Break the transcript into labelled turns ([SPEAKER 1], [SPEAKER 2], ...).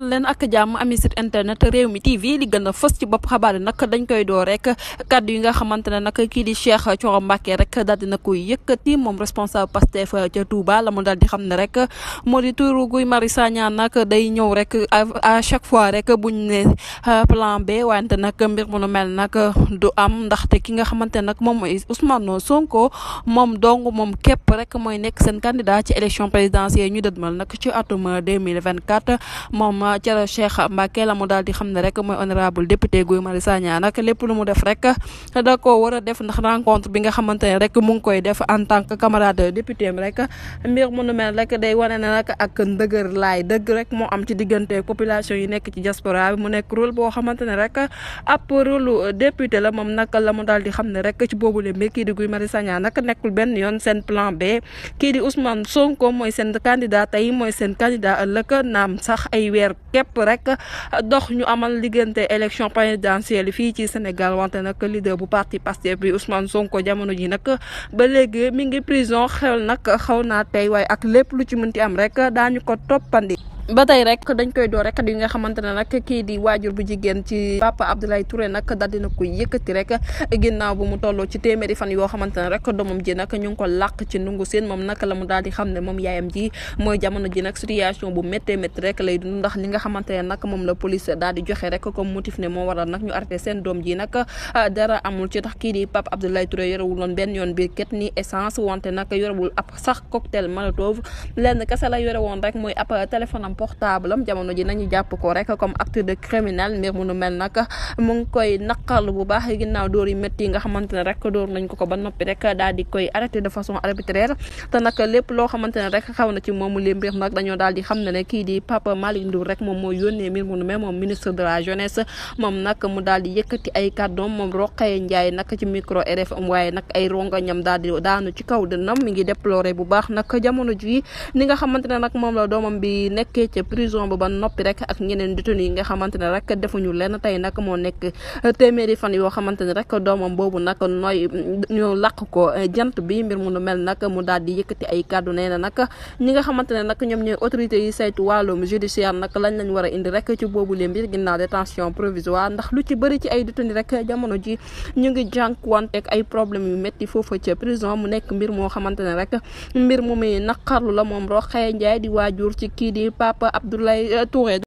[SPEAKER 1] leen ak jàmm ami site internet réew mi TV li gën a fës ci bopp xabaar yi dañ koy doo rek kaddu yi nga xamante ne nag kii di Cheikh Thioro Mbacké rek daal dina koy yëkkati moom responsable Pastef ca Touba la mu daal di xam ne rek moo di turu Guy Marius Sagna nag day ñëw rek à chaque fois rek buñ ne euh, plan B wante nag mbir mu nu mel nag du am ndaxte ki nga xamante nag moom mooy Ousmane Sonko moom dong moom képp rek mooy nekk seen candidat ci élection présidentielle ñu dëdmal nak ci atum 2024 moom moom Thiéré Cheikh Mbacké la mu di xam ne rek mooy honorable député Guy Marius Sagna nag lépp lu mu def rek da koo war a def ndax rencontre bi nga xamante ne rek mu ngi koy def en tant am ci diggante population yi nekk ci diaspora mu nekk rôle boo xamante rek ab député la moom nag la mu daal di xam ne rek ci boobu le mbir Guy Marius Sagna nag nekkul benn yoon seen plan B kii di Sonko mooy seen candidat mooy seen candidat ëllëg naam sax ay weer képp rek dox ñu amal liggante élection présidentielle fii ci Sénégal wante nag leader bu parti Pastef bi Ousmane Sonko jamono ji nag ba léegi mi ngi prison xel nag xaw naa tey waaye ak lépp lu ci mënti am rek daañu ko toppandi. ba tey rek dañ koy doo rek kat yi nga xamante ne nag kii di waajur bu jigéen ci Papa Abdoulaye Touré nag daal dina ko yëkkati rek ginnaaw bu mu tolloo ci téeméeri fan yoo xamante ne rek doomam ji nag ñu ngi ko làq ci ndungu seen moom nag la mu daal di xam ne yaayam ji mooy jamono ji nag situation bu méttee métti rek lay dund ndax li nga xamante ne nag moom la police daal di joxe rek comme motif ne moo waral nag ñu arrêté seen doom ji nag dara amul ci tax kii di Papa Abdoulaye Touré yorewuloon benn yoon biir ket ni essence wante nag yorewul ab sax cocktail Molotov lenn kese la yorewoon rek mooy ab téléphone am portable am jamono ji nañu jàpp ko rek comme acte de criminel mbir mu mel nag mu ngi koy naqarlu bu baax ginnaaw dóor yu métti yi nga ko ko ba noppi rek daal di koy arrêté na ci moomu li xam ne ne kii di Papa Malick Ndour rek moom moo yónnee mbir mu nu mel moom ministre de la jeunesse a nag mu daal di yëkkati ay kàddoom moom mi ngi déploré bu baax nag jamono ji ni nga xamante nekk nekkee ca prison ba ba noppi rek ak ñeneen détenu yi nga xamante ne rek defuñu lenn tey nag moo nekk téeméeri fan yoo xamante ne rek doomam boobu nag nooy ñu làq ko eh, jant bi mbir mu nu mel nag mu daal di yëkkati ay kàddu nee na ñi nga xamante ne nag ñoom ñooy autorités yi saytu wàllum judiciaire nag lañ lañ war a indi rek ci boobu lee mbir ginnaaw détention provisoire ndax lu ci bëri ci ay détenu rek jamono ji ñu ngi jànkuwanteeg ay problème yu métti foofa ca prison mu nekk mbir moo xamante ne rek mbir mu muy naqarlu la moom Roxaya Njaay di waajur ci kii di pa Papa Abdoulaye euh, Touré.